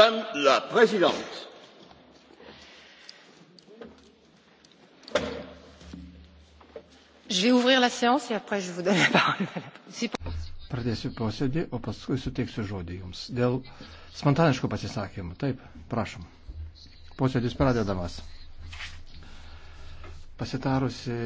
Madame la Présidente, je vais ouvrir la séance et après je vous donne la parole. Pradėsiu posėdį, o paskui suteiksiu žodį jums. Dėl spontaniškų pasisakymų. Taip, prašom. Posėdis pradedamas. Pasitarusi